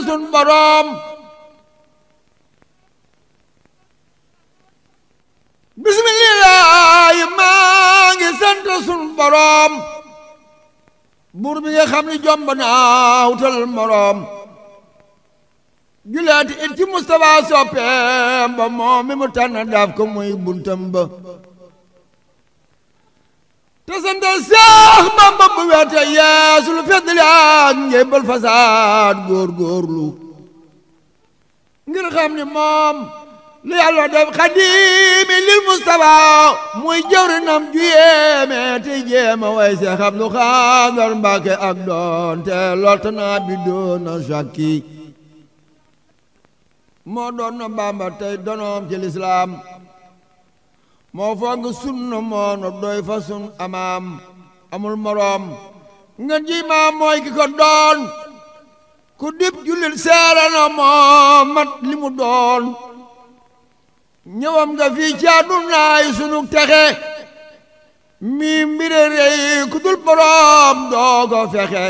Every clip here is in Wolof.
na sun boroom sun boroom buur bi nga xam ni jomb naa wutal moroom juleeti it ci Mustafa soppeem ba moom mi mu tànn daaf ko muy buntam ba te sant Seex Bamba bu werte yeesul feddli ak njébbal fasaad góorgóorlu ngir xam ni moom lu yàlla def xadimi lil Mustafa muy jëwrinam ju yéeme te jéema way Seex Abdu Xaadar Mbàkke ak doon te lottanaa bi doona sakki moo doon na Bamba tey donoom ci lislaam moo foog sunna moo nu doy fa sun amaam amul moroom ngeen ji mooy ki ko doon ku dib jullit seere na moo mat li mu doon ñëwam nga fii ci àddunaay sunu texe mi mbire rey ku dul boroom doogo fexe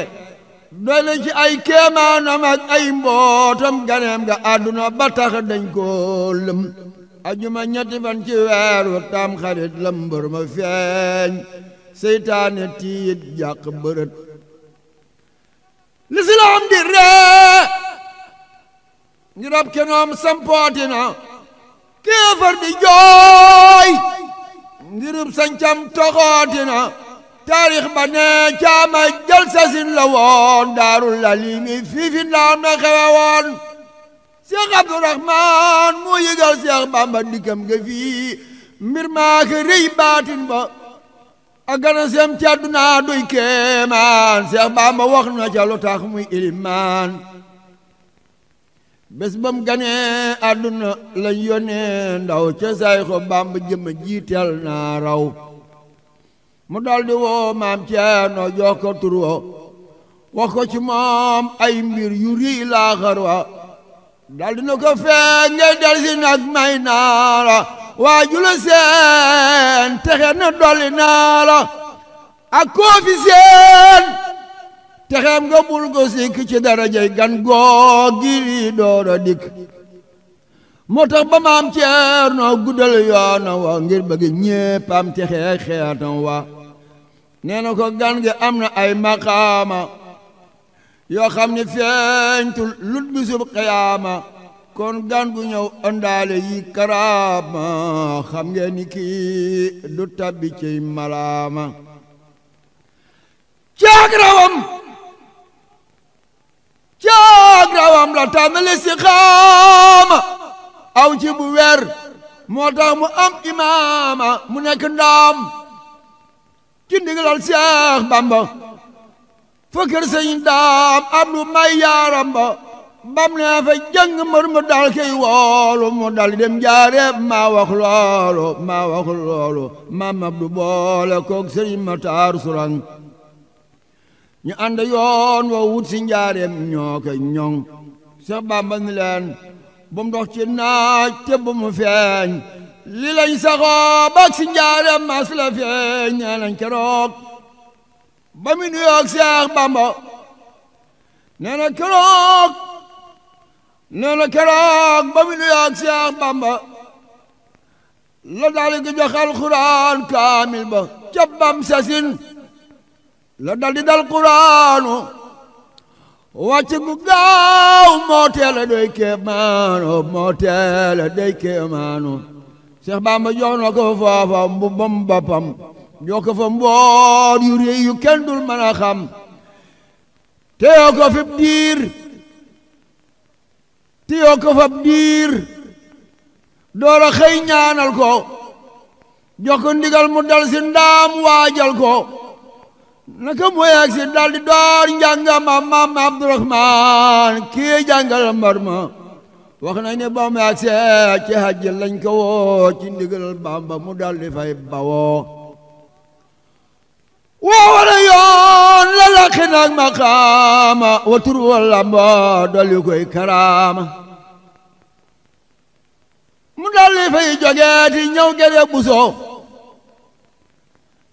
doy na ci ay kéemaanam ak ay mbootam ganeem nga àdduna ba tax dañ koo ajuma ñetti fan ci weeru tam xarit la mbër ma feeñ seytaane tiit jàq bërët lislaam di ree ngi rab kenoom sampootina kéefar di jooy ngirub sancam toxootina taarix ba ne caama jalsasin la woon daarul lalimi fiifi ndaam na woon Seex Abdurahmaan ma yëgal Seex Bamba dikkam nga fii mbir maa ka rëy baatin ba ak gana sem ci àdduna doy kéemaan Seex Bamba wax na ca lu muy ilimaan bés ba mu ganee àdduna lañ yónnee ndaw ca say ko Bamba jëma jiitel naa raw mu daldi woo maam Ceerno jox ko tur wa wax ci moom ay mbir yu rëy laaxar wa dal dina ko feeñal dal si nag may naa la waajula seen texe na dolli naa la ak koofi seen texeem nga bul ko sikk ci darajay gan googi doora dikk moo tax ba maam ceer noo guddal yoona wa ngir bëgg ñépp am texe xeetam wa nee ko gan gi am na ay maqaama yoo xam ne feeñtul lut bisub xiyaama kon gan gu ñëw ëndaale yi karaama xam ngeen ni kii du tabbi ciy malaama caag rawam caag rawam la tànnale si xaama aw ci bu weer moo tax mu am imaama mu nekk ndaam ci ndigalal Seex Bamba fa kër sëñ daam abdu may yaaram bam ne fa jëng mër mu dal key woolu mu dal dem jaareeb maa wax loolu maa wax loolu maam abdu boole koog sëriñ mataar suraŋ ñu ànd yoon wa wut si njaareem ñoo ko ñoŋ Seex Bàmba ni leen dox ci naaj te bu feeñ li lañ si njaareem mas la feeñ nee nañ ba mu nuyoog Seex Bamba nee keroog nee keroog ba mu nuyoog Seex Bamba la daal di jox alquran kaamil ba ca bam sasin la daal dal quraanu wàcc gu gaaw moo a doy kéemaanu moo a doy kéemaanu Seex Bamba jox na ko foofa mbubbam boppam ñoo ko fa mboot yu réy yu kenn dul mën a xam te yoo ko fab te yoo ko fab door a xëy ñaanal ko jox ndigal mu dal si ndaam waajal ko naka mooy ak si dal di door njàngam am maam Abdourahman kii jàngal mbar ma wax nañ ne ba mu ak see ci hajj lañ ko woo ci ndigal Bamba mu dal di fay bawoo wowal a yoon la làqi nag maqaama wa tur wa lamba dolli koy karaama mu dalli fay jogeeti ñëw gede buso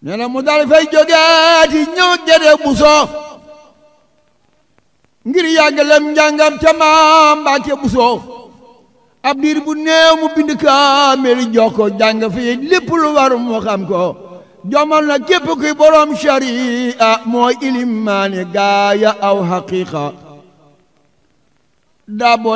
nee na mu dalli fay jogeeti ñëw gede buso ngir yàggalem njàngam ca maam Mbàkke buso ab diir bu néew mu bind kaamil jox ko jàng fii lépp lu war mu xam ko jomal na képp kuy borom sariya mooy ilimaane gaaya aw haqiqa daa boole